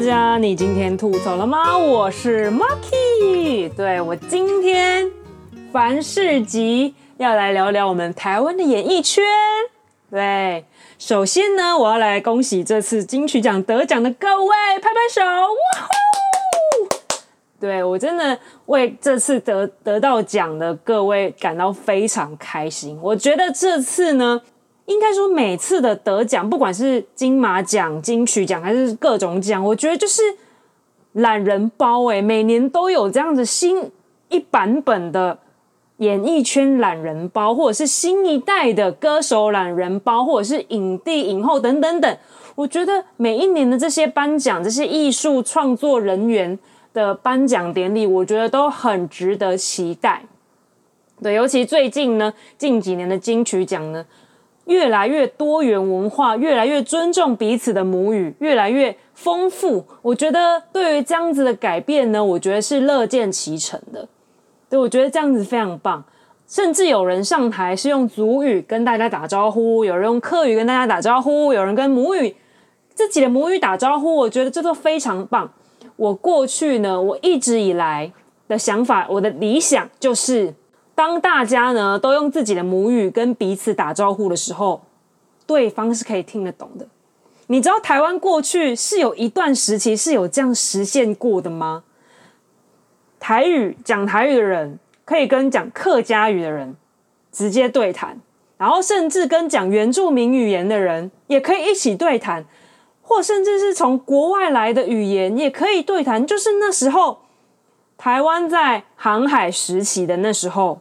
大家，你今天吐槽了嗎？我是 Maki，對，我今天凡事集要來聊聊我們台灣的演藝圈。對，首先呢，我要來恭喜這次金曲獎得獎的各位，拍拍手！哇哦！對，我真的為這次得得到獎的各位感到非常開心。我覺得這次呢。應該說，每次的得獎，不管是金馬獎、金曲獎還是各種獎，我覺得就是懶人包誒、欸，每年都有這樣子新一版本的演藝圈懶人包，或者是新一代的歌手懶人包，或者是影帝、影后等等等。我覺得每一年的這些頒獎、這些藝術創作人員的頒獎典禮，我覺得都很值得期待。對，尤其最近呢，近幾年的金曲獎呢，越來越多元文化，越來越尊重彼此的母語，越來越豐富。我覺得對於這樣子的改變呢，我覺得是樂見其成的。對，我覺得這樣子非常棒。甚至有人上台是用族語跟大家打招呼，有人用客語跟大家打招呼，有人跟母語自己的母語打招呼。我覺得這都非常棒。我過去呢，我一直以來的想法，我的理想就是。當大家呢都用自己的母語跟彼此打招呼的時候，對方是可以聽得懂的。你知道台灣過去是有一段時期是有這樣實現過的嗎？台語、講台語的人可以跟講客家語的人直接對談，然後甚至跟講原住民語言的人也可以一起對談，或甚至是從國外來的語言也可以對談。就是那時候，台灣在航海時期的那時候。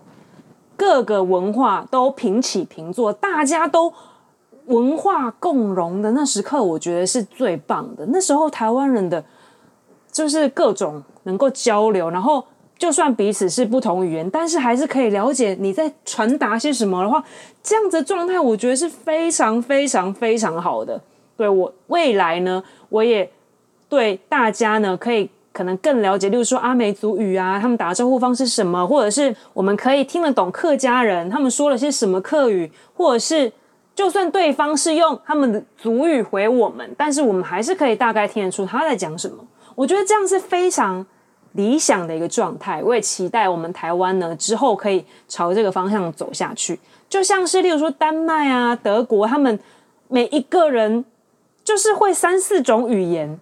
各個文化都平起平坐，大家都文化共融的那時刻，我覺得是最棒的。那時候台灣人的就是各種能夠交流，然後就算彼此是不同語言，但是還是可以了解你在傳達些什麼的話，這樣子狀態我覺得是非常非常非常好的。對我未來呢，我也對大家呢可以。可能更了解，例如說阿美族語啊，他們打招呼方式是什麼，或者是我們可以聽得懂客家人他們說了些什麼客語，或者是就算對方是用他們的族語回我們，但是我們還是可以大概聽得出他在講什麼。我覺得這樣是非常理想的一個狀態，我也期待我們台灣呢之後可以朝這個方向走下去。就像是例如說丹麥啊、德國，他們每一個人就是會三四種語言。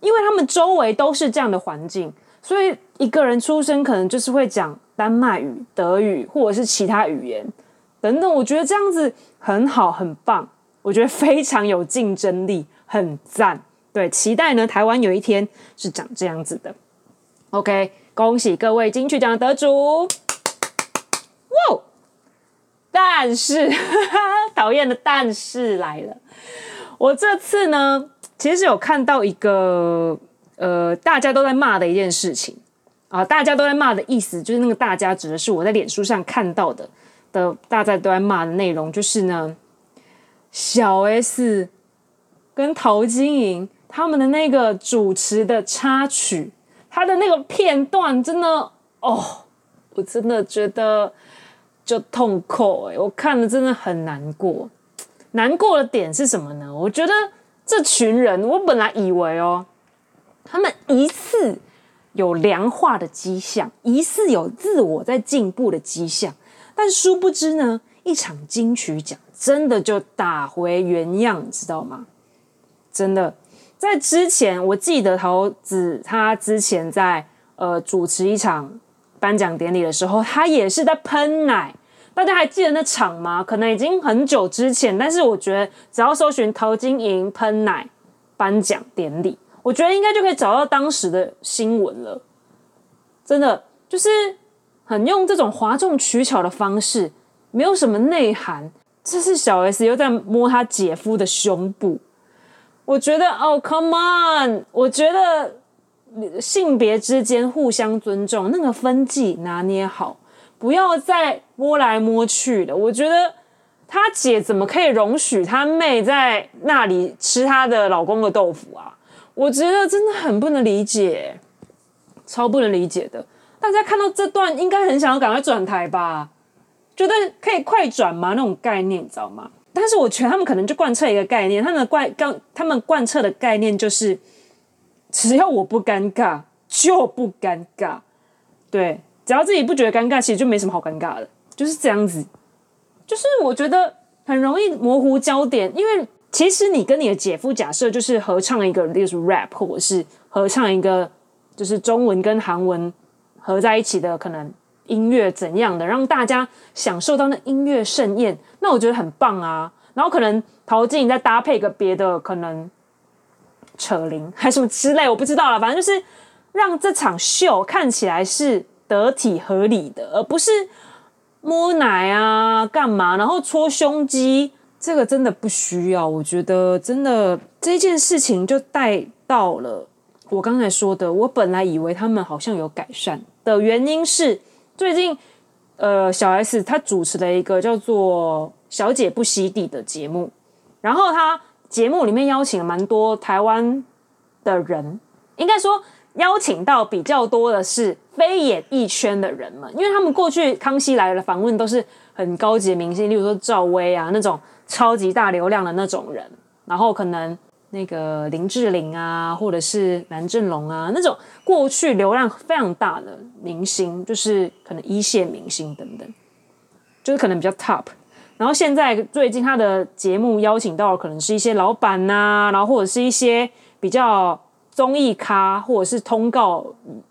因為他們周圍都是這樣的環境，所以一個人出生可能就是會講丹麥語、德語或者是其他語言等等。我覺得這樣子很好，很棒，我覺得非常有競爭力，很讚。對，期待呢，台灣有一天是講這樣子的。OK，恭喜各位金曲獎得主，哇！但是呵呵討厭的但是來了，我這次呢，其實有看到一個呃，大家都在罵的一件事情啊，大家都在罵的意思，就是那個大家指的是我在臉書上看到的的，大家都在罵的內容，就是呢，小 S 跟陶晶瑩他們的那個主持的插曲，他的那個片段，真的哦，我真的覺得就痛苦哎、欸，我看了真的很難過，難過的點是什麼呢？我覺得。這群人，我本來以為哦，他們疑似有良化的跡象，疑似有自我在進步的跡象，但殊不知呢，一場金曲獎真的就打回原樣，你知道嗎？真的，在之前，我記得陶子他之前在呃主持一場頒獎典禮的時候，他也是在噴奶。大家還記得那場嗎？可能已經很久之前，但是我覺得只要搜尋陶晶瑩噴奶頒獎典禮，我覺得應該就可以找到當時的新聞了。真的就是很用這種嘩眾取巧的方式，沒有什麼內涵。這是小 S 又在摸她姐夫的胸部，我覺得哦，oh，Come on，我覺得性別之間互相尊重，那個分際拿捏好。不要再摸來摸去的，我覺得他姐怎麼可以容許他妹在那裡吃他的老公的豆腐啊？我覺得真的很不能理解欸，超不能理解的。大家看到這段應該很想要趕快轉台吧？覺得可以快轉嗎？那種概念你知道嗎？但是我覺得他們可能就貫徹一個概念，他們的貫剛他們貫徹的概念就是，只要我不尷尬就不尷尬，對。只要自己不覺得尷尬，其實就沒什麼好尷尬的，就是這樣子。就是我覺得很容易模糊焦點，因為其實你跟你的姐夫假設就是合唱一個，例如是 rap，或者是合唱一個就是中文跟韓文合在一起的可能音樂怎樣的，讓大家享受到那音樂盛宴，那我覺得很棒啊。然後可能陶晶瑩再搭配個別的，可能扯鈴還是什麼之類，我不知道了。反正就是讓這場秀看起來是。得體合理的，而不是摸奶啊，幹嘛？然後搓胸肌，這個真的不需要。我覺得真的這件事情就帶到了我剛才說的。我本來以為他們好像有改善的原因是，最近呃小 S 她主持了一個叫做《小姐不洗》底的節目，然後他節目裡面邀請了蠻多台灣的人，應該說。邀請到比較多的是非演藝圈的人們，因為他們過去康熙來了訪問都是很高級的明星，例如說趙薇啊那種超級大流量的那種人，然後可能那個林志玲啊，或者是藍正龍啊那種過去流量非常大的明星，就是可能一線明星等等，就是可能比較 top。然後現在最近他的節目邀請到的可能是一些老闆啊，然後或者是一些比較。綜藝咖，或者是通告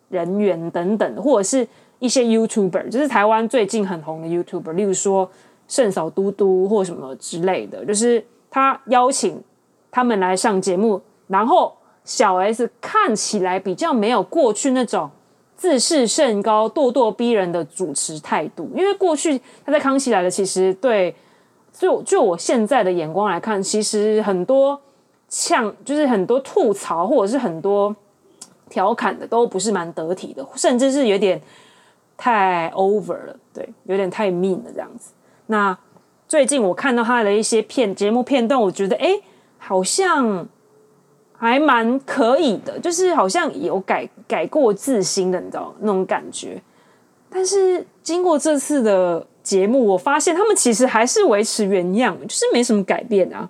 人員等等，或者是一些 YouTuber，就是台灣最近很紅的 YouTuber，例如說聖嫂嘟嘟或什麼之類的，就是他邀請他們來上節目，然後小 S 看起來比較沒有過去那種自視甚高、咄咄逼人的主持態度，因為過去他在《康熙來了》，其實對，就就我現在的眼光來看，其實很多。嗆，就是很多吐槽或者是很多調侃的都不是蠻得體的，甚至是有點太 over 了，對，有點太 mean 了這樣子。那最近我看到他的一些片節目片段，我覺得哎，好像還蠻可以的，就是好像有改改過自新的，你知道那種感覺。但是經過這次的節目，我發現他們其實還是維持原樣，就是沒什麼改變啊，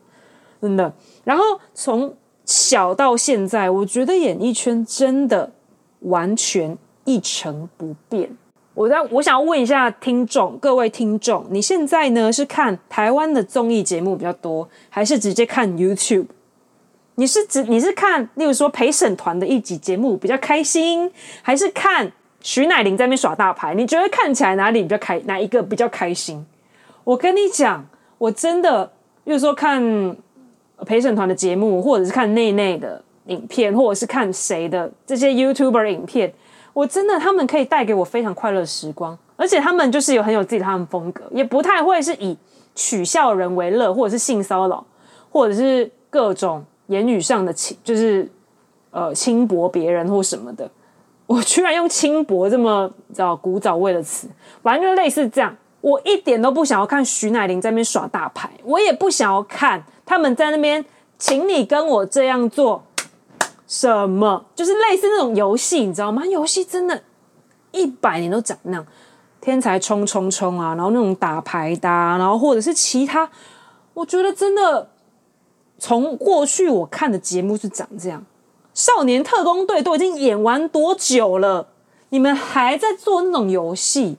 真的。然後從小到現在，我覺得演藝圈真的完全一成不變。我在我想問一下聽眾，各位聽眾，你現在呢是看台灣的綜藝節目比較多，還是直接看 YouTube？你是指你是看例如說陪審團的一集節目比較開心，還是看徐乃麟在那邊耍大牌？你覺得看起來哪裡比較開，哪一個比較開心？我跟你講，我真的又是說看。陪審團的節目，或者是看內內的影片，或者是看誰的這些 YouTuber 影片，我真的他們可以帶給我非常快樂的時光，而且他們就是有很有自己的他們風格，也不太會是以取笑人為樂，或者是性騷擾，或者是各種言語上的輕，就是呃輕薄別人或什麼的。我居然用輕薄這麼叫古早味的詞，反正就類似這樣。我一點都不想要看徐乃麟在那邊耍大牌，我也不想要看他們在那邊，請你跟我這樣做，什麼就是類似那種遊戲，你知道嗎？遊戲真的，一百年都長那樣，天才衝衝衝啊！然後那種打牌的啊，然後或者是其他，我覺得真的，從過去我看的節目是長這樣。少年特工隊都已經演完多久了？你們還在做那種遊戲？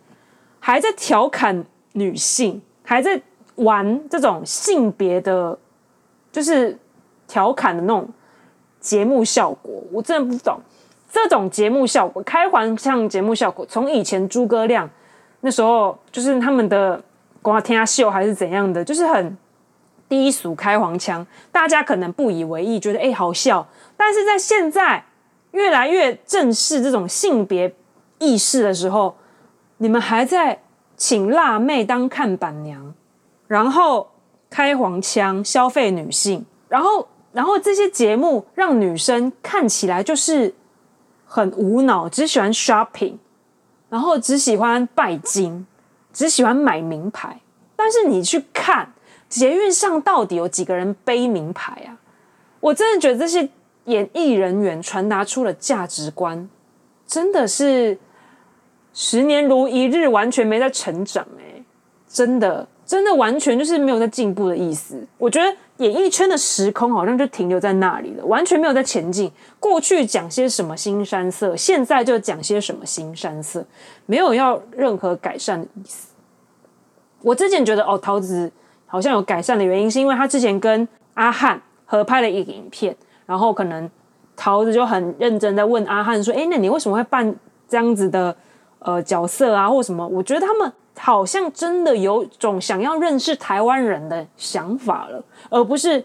還在調侃女性，還在玩這種性別的，就是調侃的那種節目效果。我真的不懂這種節目效果，開黃腔節目效果。從以前豬哥亮那時候，就是他們的光天下秀還是怎樣的，就是很低俗開黃腔，大家可能不以為意，覺得哎好笑。但是在現在越來越正視這種性別意識的時候。你們還在請辣妹當看板娘，然後開黃腔消費女性，然後然後這些節目讓女生看起來就是很無腦，只喜歡 shopping，然後只喜歡拜金，只喜歡買名牌。但是你去看捷運上到底有幾個人背名牌啊？我真的覺得這些演藝人員傳達出了價值觀，真的是。十年如一日，完全沒在成長誒、欸，真的，真的完全就是沒有在進步的意思。我覺得演藝圈的時空好像就停留在那裡了，完全沒有在前進。過去講些什麼腥羶色，現在就講些什麼腥羶色，沒有要任何改善的意思。我之前覺得哦，陶子好像有改善的原因，是因為他之前跟阿翰合拍了一個影片，然後可能陶子就很認真在問阿翰說：“哎、欸，那你為什麼會辦這樣子的？”呃，角色啊，或什麼，我覺得他們好像真的有種想要認識台灣人的想法了，而不是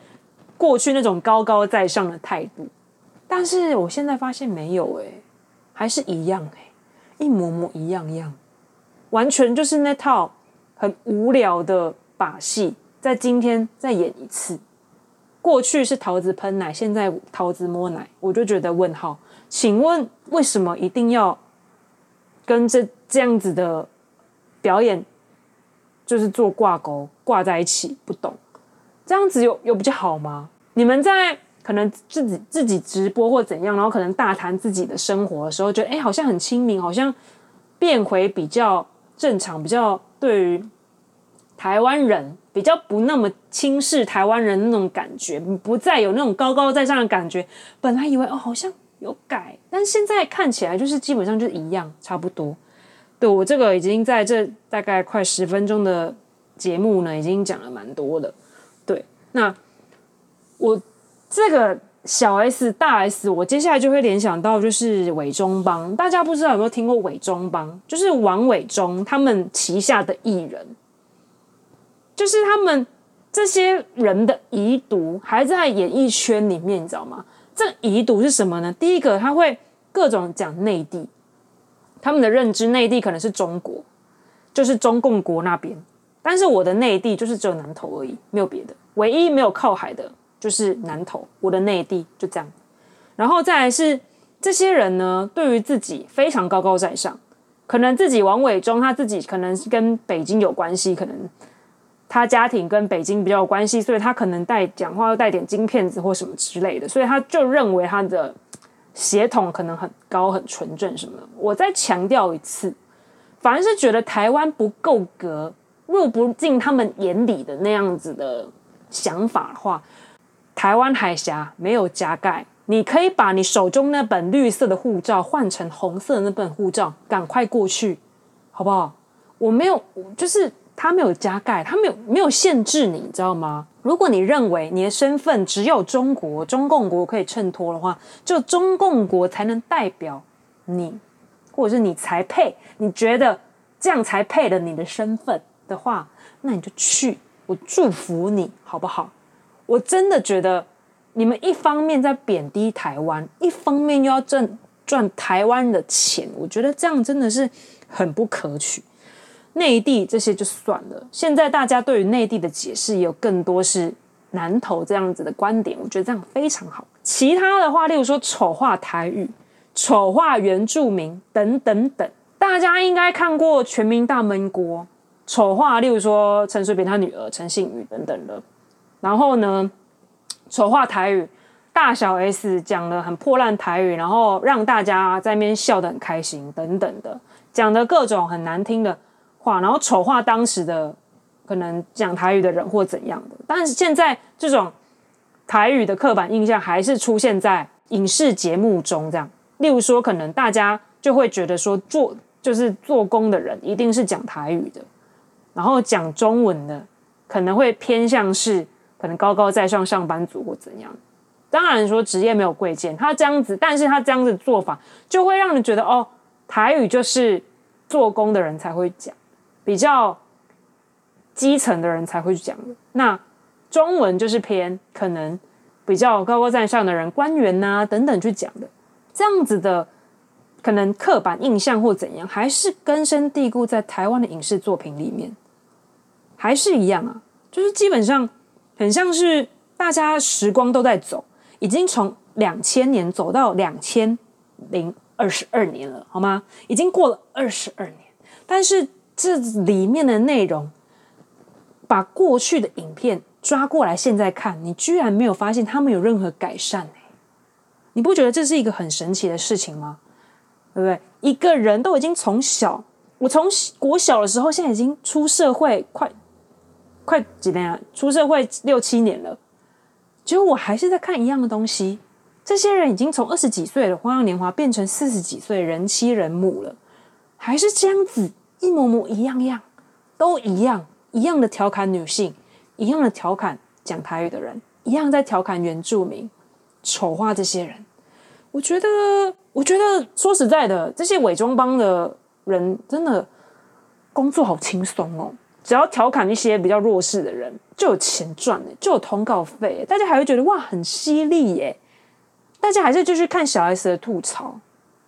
過去那種高高在上的態度。但是我現在發現沒有、欸，哎，還是一樣、欸，哎，一模模一樣樣，完全就是那套很無聊的把戲，在今天再演一次。過去是陶子噴奶，現在陶子摸奶，我就覺得問號，請問為什麼一定要？跟這這樣子的表演，就是做掛鈎掛在一起，不懂這樣子有有比較好嗎？你們在可能自己自己直播或怎樣，然後可能大談自己的生活的時候，覺得哎、欸，好像很親民，好像變回比較正常，比較對於台灣人比較不那麼輕視台灣人的那種感覺，不再有那種高高在上的感覺。本來以為哦，好像。有改，但現在看起來就是基本上就是一樣，差不多。對，我這個已經在這大概快十分鐘的節目呢，已經講了蠻多的。對。那我這個小 S 大 S，我接下來就會聯想到就是偉忠幫。大家不知道有沒有聽過偉忠幫？就是王偉忠他們旗下的藝人，就是他們這些人的遺毒還在演藝圈裡面，你知道嗎？這個遺毒是什麼呢？第一個，他會各種講內地，他們的認知內地可能是中國，就是中共國那邊。但是我的內地就是只有南投而已，沒有別的。唯一沒有靠海的，就是南投。我的內地就這樣。然後再來是這些人呢，對於自己非常高高在上，可能自己王偉忠他自己可能是跟北京有關係，可能。他家庭跟北京比較有關係，所以他可能帶講話要帶點京片子或什麼之類的，所以他就認為他的血統可能很高、很純正什麼的。我再強調一次，凡是覺得台灣不夠格、入不進他們眼裡的那樣子的想法的話，台灣海峽沒有加蓋，你可以把你手中那本綠色的護照換成紅色的那本護照，趕快過去，好不好？我沒有，就是。他沒有加蓋，他沒有沒有限制你，你知道嗎？如果你認為你的身份只有中國、中共國可以襯托的話，就中共國才能代表你，或者是你才配，你覺得這樣才配得你的身份的話，那你就去，我祝福你好不好？我真的覺得你們一方面在貶低台灣，一方面又要賺賺台灣的錢，我覺得這樣真的是很不可取。內地這些就算了。現在大家對於內地的解釋，也有更多是南投這樣子的觀點，我覺得這樣非常好。其他的話，例如說醜化台語、醜化原住民等等等，大家應該看過《全民大悶鍋》，醜化例如說陳水扁他女兒陳幸妤等等的。然後呢，醜化台語，大小 S 講了很破爛台語，然後讓大家在那邊笑得很開心等等的，講的各種很難聽的話，然後醜化當時的可能講台語的人或怎樣的，但是現在這種台語的刻板印象還是出現在影視節目中，這樣，例如說，可能大家就會覺得說做，做就是做工的人一定是講台語的，然後講中文的可能會偏向是可能高高在上上班族或怎樣，當然說職業沒有貴賤，他這樣子，但是他這樣子做法就會讓你覺得哦，台語就是做工的人才會講。比較基層的人才會去講的，那中文就是偏可能比較高高在上的人、官員吶、啊、等等去講的，這樣子的可能刻板印象或怎樣，還是根深蒂固在台灣的影視作品裡面，還是一樣啊，就是基本上很像是大家時光都在走，已經從兩千年走到兩千零二十二年了，好嗎？已經過了二十二年，但是。這裡面的內容，把過去的影片抓過來，現在看，你居然沒有發現他們有任何改善耶。你不覺得這是一個很神奇的事情嗎？對不對？一個人都已經從小，我從小國小的時候，現在已經出社會快快幾年了，出社會六七年了，結果我還是在看一樣的東西。這些人已經從二十幾歲的花樣年華，變成四十幾歲人妻人母了，還是這樣子。一模模一樣樣，都一樣，一樣的調侃女性，一樣的調侃講台語的人，一樣在調侃原住民，醜化這些人。我覺得，我覺得說實在的，這些偽裝幫的人真的工作好輕鬆哦，只要調侃一些比較弱勢的人，就有錢賺、欸、就有通告費、欸。大家還會覺得哇，很犀利耶、欸。大家還是繼續看小 S 的吐槽，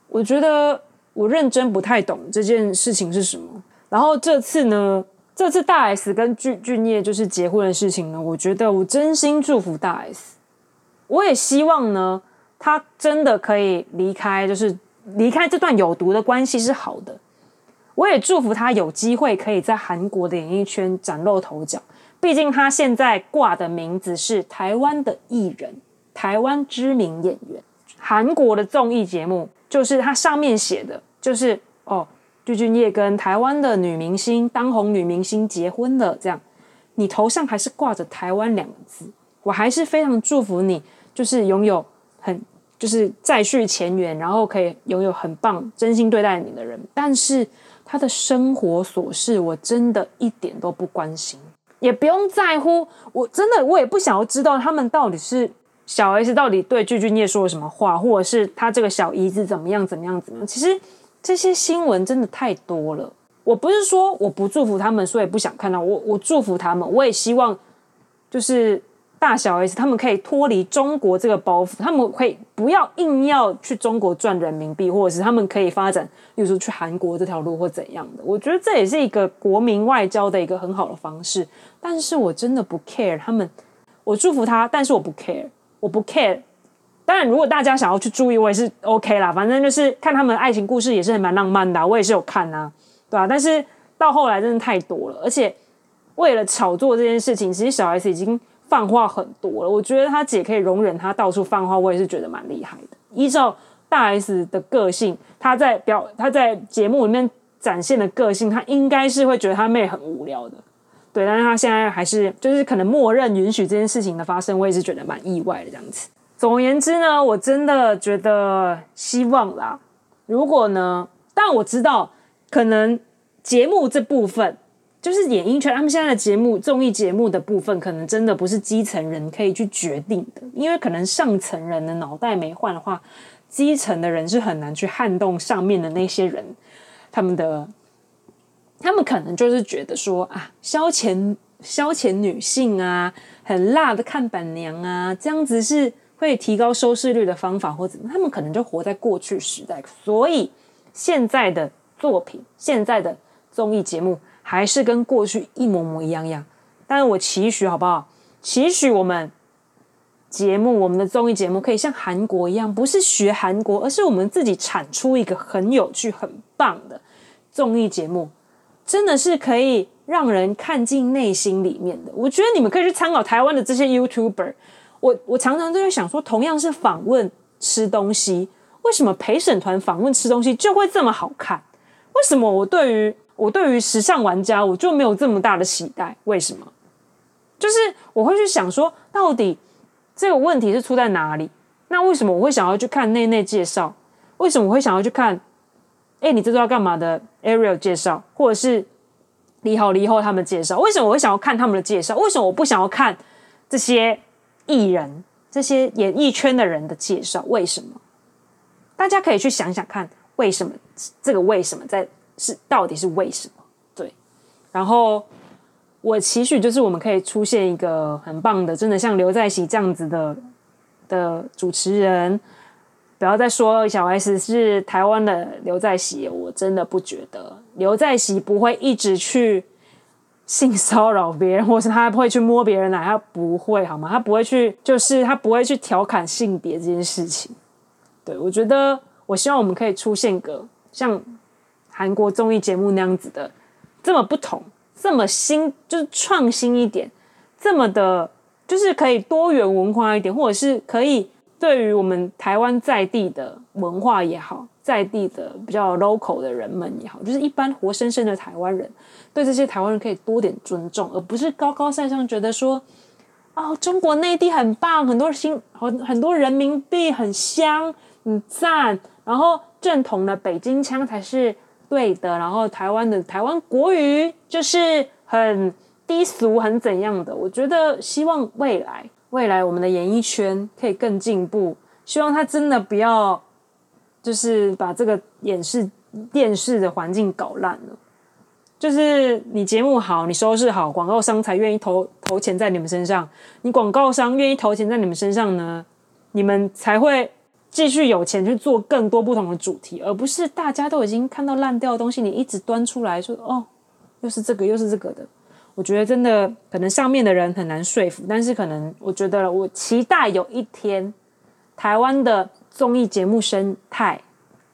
我覺得。我認真不太懂這件事情是什麼。然後這次呢，這次大 S 跟俊俊曄就是結婚的事情呢，我覺得我真心祝福大 S。我也希望呢，他真的可以離開，就是離開這段有毒的關係是好的。我也祝福他有機會可以在韓國的演藝圈嶄露頭角。畢竟他現在掛的名字是台灣的藝人，台灣知名演員，韓國的綜藝節目。就是他上面寫的，就是哦，具俊曄跟台灣的女明星、當紅女明星結婚了。這樣，你頭上還是掛着台灣兩個字，我還是非常祝福你，就是擁有很就是再續前緣，然後可以擁有很棒、真心對待你的人。但是他的生活瑣事，我真的一點都不關心，也不用在乎。我真的，我也不想要知道他們到底是。小 S 到底對具俊曄說了什麼話，或者是他這個小姨子怎麼樣？怎麼樣？怎麼樣？其實這些新聞真的太多了。我不是說我不祝福他們，所以不想看到我。我祝福他們，我也希望就是大小 S 他們可以脫離中國這個包袱，他們可以不要硬要去中國賺人民幣，或者是他們可以發展，例如說去韓國這條路或怎樣的。我覺得這也是一個國民外交的一個很好的方式。但是我真的不 care 他們，我祝福他，但是我不 care。我不 care。當然，如果大家想要去注意，我也是 OK 啦。反正就是看他們的愛情故事也是蠻浪漫的啊，我也是有看啊，對啊。但是到後來真的太多了，而且為了炒作這件事情，其實小 S 已經放話很多了。我覺得他姐可以容忍他到處放話，我也是覺得蠻厲害的。依照大 S 的個性，他在表他在節目裡面展現的個性，他應該是會覺得他妹很無聊的。對，但是他現在還是就是可能默認允許這件事情的發生，我也是覺得蠻意外的這樣子。總而言之呢，我真的覺得希望啦。如果呢，但我知道可能節目這部分，就是演藝圈他們現在的節目綜藝節目的部分，可能真的不是基層人可以去決定的，因為可能上層人的腦袋沒換的話，基層的人是很難去撼動上面的那些人他們的。他們可能就是覺得說啊，消遣消遣女性啊，很辣的看板娘啊，這樣子是會提高收視率的方法或怎麼。他們可能就活在過去時代，所以現在的作品，現在的綜藝節目還是跟過去一模模一樣樣。但是，我期許好不好？期許我們節目、我們的綜藝節目可以像韓國一樣，不是學韓國，而是我們自己產出一個很有趣，很棒的綜藝節目。真的是可以讓人看進內心裡面的。我覺得你們可以去參考台灣的這些 YouTuber 我，我我常常都在想說，同樣是訪問吃東西，為什麼陪審團訪問吃東西就會這麼好看？為什麼我對於我對於時尚玩家，我就沒有這麼大的期待？為什麼？就是我會去想說，到底這個問題是出在哪裡？那為什麼我會想要去看內內介紹？為什麼我會想要去看？哎，你知道要幹嘛的？Ariel 介紹，或者是你好、李一他們介紹。為什麼我會想要看他們的介紹？為什麼我不想要看這些藝人、這些演藝圈的人的介紹？為什麼？大家可以去想想看，為什麼這個為什麼在是到底是為什麼？對。然後我期許就是我們可以出現一個很棒的，真的像劉在錫這樣子的的主持人。不要再說小 S 是台灣的劉在錫，我真的不覺得劉在錫不會一直去性騷擾別人，或是他不會去摸別人奶，他不會好嗎？他不會去，就是他不會去調侃性別這件事情。對我覺得，我希望我們可以出現個像韓國綜藝節目那樣子的，這麼不同，這麼新，就是創新一點，這麼的，就是可以多元文化一點，或者是可以。對於我們台灣在地的文化也好，在地的比較 local 的人們也好，就是一般活生生的台灣人，對這些台灣人可以多點尊重，而不是高高在上覺得說，哦，中國內地很棒，很多新很很多人民幣很香，很讚，然後正統的北京腔才是對的，然後台灣的台灣國語就是很低俗，很怎樣的？我覺得希望未來。未來我們的演藝圈可以更進步，希望他真的不要，就是把這個演藝電視的環境搞爛了。就是你節目好，你收視好，廣告商才願意投投錢在你們身上。你廣告商願意投錢在你們身上呢，你們才會繼續有錢去做更多不同的主題，而不是大家都已經看到爛掉的東西，你一直端出來說哦，又是這個，又是這個的。我覺得真的可能上面的人很難說服，但是可能我覺得我期待有一天，台灣的綜藝節目生態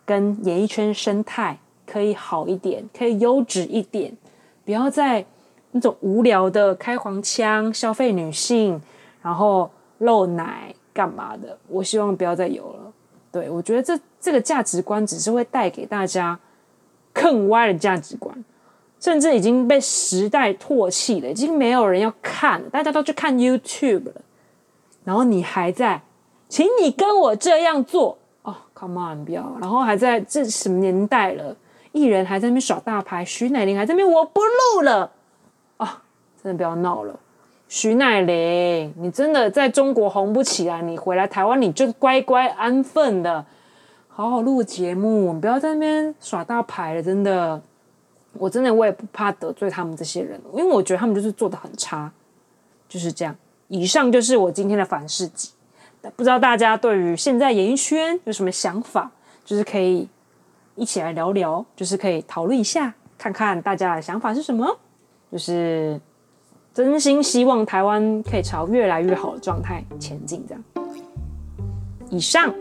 跟演藝圈生態可以好一點，可以優質一點，不要再那種無聊的開黃腔、消費女性，然後露奶幹嘛的，我希望不要再有了。對，我覺得這這個價值觀只是會帶給大家更歪的價值觀。甚至已經被時代唾棄了，已經沒有人要看了，大家都去看 YouTube 了。然後你還在，請你跟我這樣做哦、oh，Come on，不要！然後還在這什麼年代了，藝人還在那邊耍大牌，徐乃麟還在那邊，我不錄了哦，oh, 真的不要鬧了，徐乃麟，你真的在中國紅不起啊。你回來台灣你就乖乖安分的，好好錄節目，我們不要在那邊耍大牌了，真的。我真的我也不怕得罪他們這些人，因為我覺得他們就是做的很差，就是這樣。以上就是我今天的凡事集，不知道大家對於現在演藝圈有什麼想法，就是可以一起來聊聊，就是可以討論一下，看看大家的想法是什麼。就是真心希望台灣可以朝越來越好的狀態前進。這樣，以上。